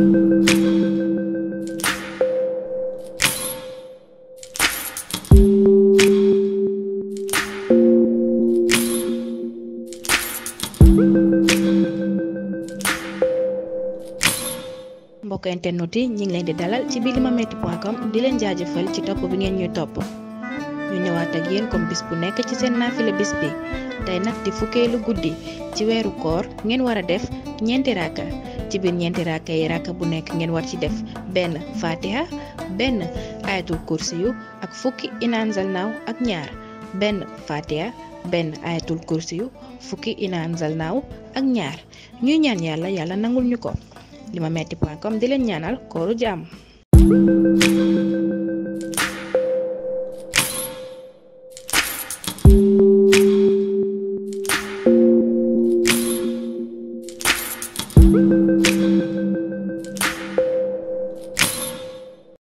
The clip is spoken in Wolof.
mbokk internet yi ñu ngi leen di dalal ci Limametti.com di leen jaajëfal ci topp bi ngeen ñuy topp ñu ñëwaat ak yéen comme bis bu nekk ci seen naafila bis bi tey nag di fukkeelu guddi ci weeru koor ngeen war a def ñeenti raaka ci biir ñeenti raaka yi raaka bu nekk ngeen war ci def benn fatiha benn ayatul kursiyu ak fukki inaanzal naaw ak ñaar benn fatiha benn ayatul fukki inaanzal naaw ak ñaar ñuy ñaan yàlla yàlla nangul ñu ko limametti point com di leen ñaanal kooru jàmm